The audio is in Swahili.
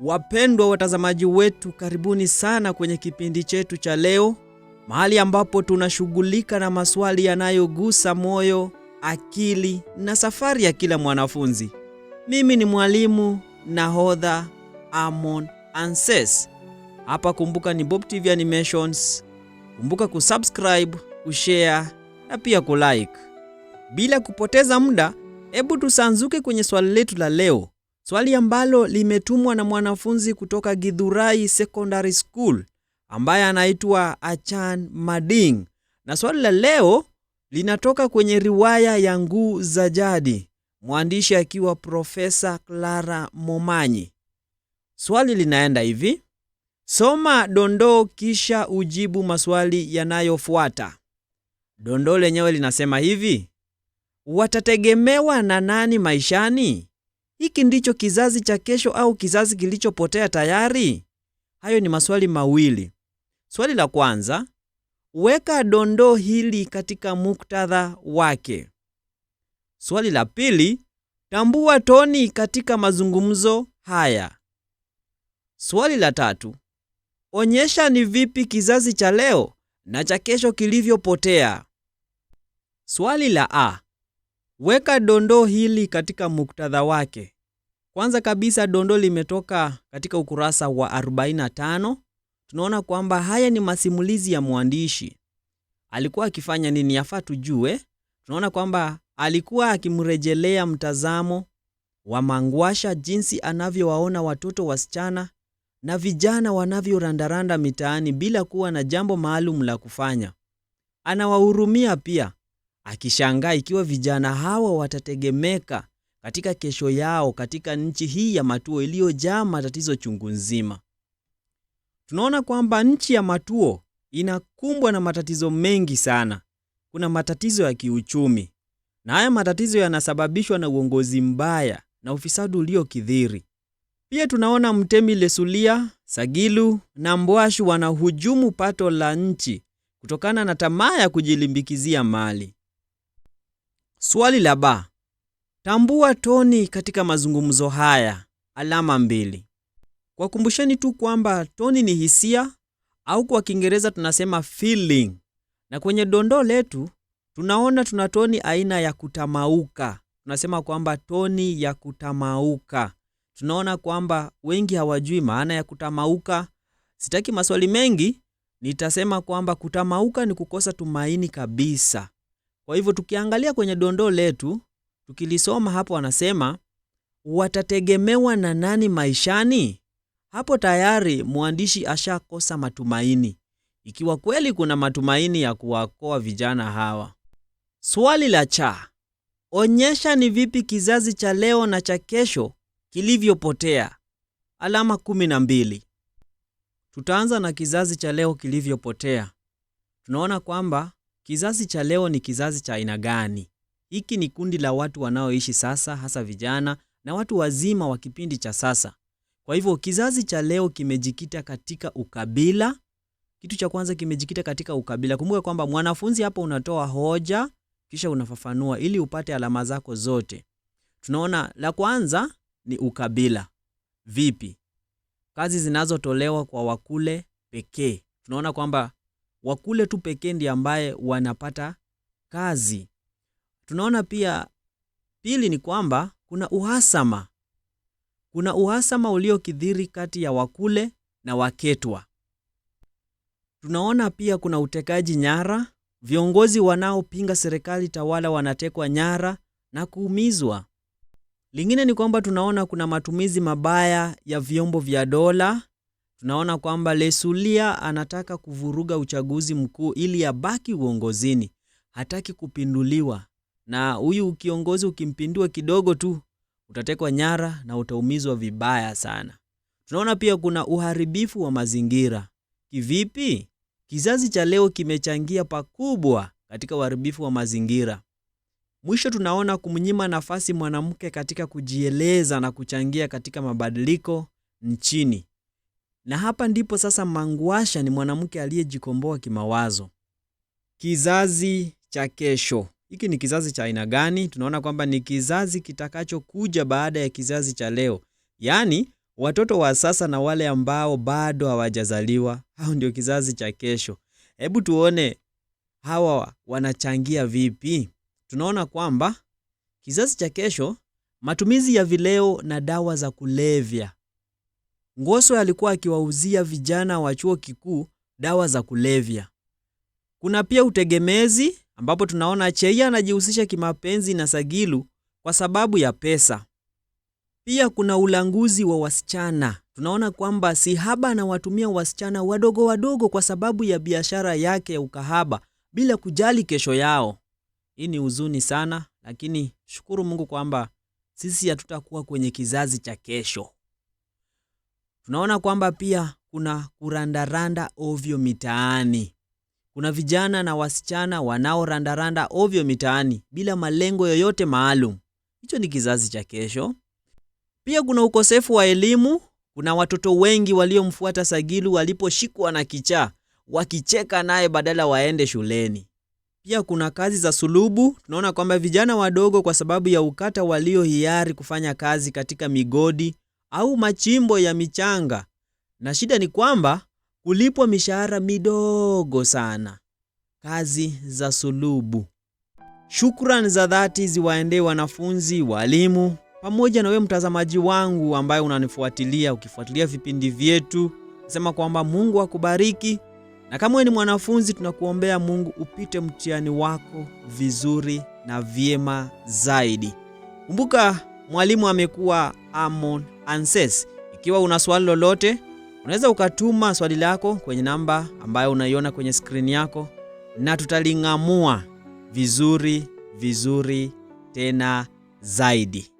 Wapendwa watazamaji wetu, karibuni sana kwenye kipindi chetu cha leo, mahali ambapo tunashughulika na maswali yanayogusa moyo, akili na safari ya kila mwanafunzi. Mimi ni mwalimu nahodha Amon Anses. Hapa kumbuka ni Bob TV Animations. Kumbuka kusubscribe, kushare na pia kulike. Bila kupoteza muda, hebu tusanzuke kwenye swali letu la leo swali ambalo limetumwa na mwanafunzi kutoka Githurai Secondary School ambaye anaitwa Achan Mading, na swali la leo linatoka kwenye riwaya ya Nguu za Jadi, mwandishi akiwa Profesa Clara Momanyi. Swali linaenda hivi: soma dondoo kisha ujibu maswali yanayofuata. Dondoo lenyewe linasema hivi: watategemewa na nani maishani? Hiki ndicho kizazi cha kesho au kizazi kilichopotea tayari? Hayo ni maswali mawili. Swali la kwanza, weka dondoo hili katika muktadha wake. Swali la pili, tambua toni katika mazungumzo haya. Swali la tatu, onyesha ni vipi kizazi cha leo na cha kesho kilivyopotea. Swali la a, Weka dondoo hili katika muktadha wake. Kwanza kabisa, dondoo limetoka katika ukurasa wa 45. Tunaona kwamba haya ni masimulizi ya mwandishi. Alikuwa akifanya nini? Yafaa tujue. Tunaona kwamba alikuwa akimrejelea mtazamo wa Mangwasha, jinsi anavyowaona watoto wasichana na vijana wanavyorandaranda mitaani bila kuwa na jambo maalum la kufanya. Anawahurumia pia akishangaa ikiwa vijana hawa watategemeka katika kesho yao katika nchi hii ya Matuo iliyojaa matatizo chungu nzima. Tunaona kwamba nchi ya Matuo inakumbwa na matatizo mengi sana. Kuna matatizo ya kiuchumi, na haya matatizo yanasababishwa na uongozi mbaya na ufisadi uliokithiri. Pia tunaona Mtemi Lesulia, Sagilu na Mbwashu wanahujumu pato la nchi kutokana na tamaa ya kujilimbikizia mali. Swali la ba, tambua toni katika mazungumzo haya, alama mbili. Kwa kumbusheni tu kwamba toni ni hisia au kwa Kiingereza tunasema feeling, na kwenye dondoo letu tunaona tuna toni aina ya kutamauka. Tunasema kwamba toni ya kutamauka. Tunaona kwamba wengi hawajui maana ya kutamauka. Sitaki maswali mengi, nitasema kwamba kutamauka ni kukosa tumaini kabisa. Kwa hivyo tukiangalia kwenye dondoo letu, tukilisoma hapo, anasema watategemewa na nani maishani? Hapo tayari mwandishi ashakosa matumaini, ikiwa kweli kuna matumaini ya kuwaokoa vijana hawa. Swali la cha onyesha ni vipi kizazi cha leo na cha kesho kilivyopotea. Alama kumi na mbili. Tutaanza na kizazi cha leo kilivyopotea. Tunaona kwamba Kizazi cha leo ni kizazi cha aina gani? Hiki ni kundi la watu wanaoishi sasa, hasa vijana na watu wazima wa kipindi cha sasa. Kwa hivyo kizazi cha leo kimejikita katika ukabila. Kitu cha kwanza kimejikita katika ukabila. Kumbuka kwamba mwanafunzi, hapo unatoa hoja kisha unafafanua ili upate alama zako zote. Tunaona la kwanza ni ukabila. Vipi? Kazi zinazotolewa kwa Wakule pekee. Tunaona kwamba wa kule tu pekee ndiye ambaye wanapata kazi. Tunaona pia pili ni kwamba kuna uhasama, kuna uhasama uliokithiri kati ya Wakule na Waketwa. Tunaona pia kuna utekaji nyara, viongozi wanaopinga serikali tawala wanatekwa nyara na kuumizwa. Lingine ni kwamba tunaona kuna matumizi mabaya ya vyombo vya dola tunaona kwamba Lesulia anataka kuvuruga uchaguzi mkuu ili abaki uongozini, hataki kupinduliwa. Na huyu kiongozi ukimpindua kidogo tu utatekwa nyara na utaumizwa vibaya sana. Tunaona pia kuna uharibifu wa mazingira. Kivipi? Kizazi cha leo kimechangia pakubwa katika uharibifu wa mazingira. Mwisho tunaona kumnyima nafasi mwanamke katika kujieleza na kuchangia katika mabadiliko nchini. Na hapa ndipo sasa Mangwasha ni mwanamke aliyejikomboa kimawazo. Kizazi cha kesho. Hiki ni kizazi cha aina gani? Tunaona kwamba ni kizazi kitakachokuja baada ya kizazi cha leo, yaani watoto wa sasa na wale ambao bado hawajazaliwa, hao ndio kizazi cha kesho. Hebu tuone hawa wanachangia vipi? Tunaona kwamba kizazi cha kesho, matumizi ya vileo na dawa za kulevya Ngoso alikuwa akiwauzia vijana wa chuo kikuu dawa za kulevya. Kuna pia utegemezi ambapo tunaona Cheia anajihusisha kimapenzi na Sagilu kwa sababu ya pesa. Pia kuna ulanguzi wa wasichana. Tunaona kwamba Sihaba anawatumia wasichana wadogo wadogo kwa sababu ya biashara yake ya ukahaba bila kujali kesho yao. Hii ni huzuni sana, lakini shukuru Mungu kwamba sisi hatutakuwa kwenye kizazi cha kesho. Tunaona kwamba pia kuna kurandaranda ovyo mitaani. Kuna vijana na wasichana wanaorandaranda ovyo mitaani bila malengo yoyote maalum. Hicho ni kizazi cha kesho. Pia kuna ukosefu wa elimu. Kuna watoto wengi waliomfuata Sagilu waliposhikwa na kichaa, wakicheka naye badala waende shuleni. Pia kuna kazi za sulubu. Tunaona kwamba vijana wadogo, kwa sababu ya ukata, walio hiari kufanya kazi katika migodi au machimbo ya michanga, na shida ni kwamba kulipwa mishahara midogo sana. Kazi za sulubu. Shukran za dhati ziwaendee wanafunzi, walimu, pamoja na wewe mtazamaji wangu ambaye unanifuatilia ukifuatilia vipindi vyetu. Nasema kwamba Mungu akubariki, na kama wewe ni mwanafunzi, tunakuombea Mungu upite mtihani wako vizuri na vyema zaidi. Kumbuka mwalimu amekuwa Amon Anses. Ikiwa una swali lolote, unaweza ukatuma swali lako kwenye namba ambayo unaiona kwenye skrini yako, na tutaling'amua vizuri vizuri tena zaidi.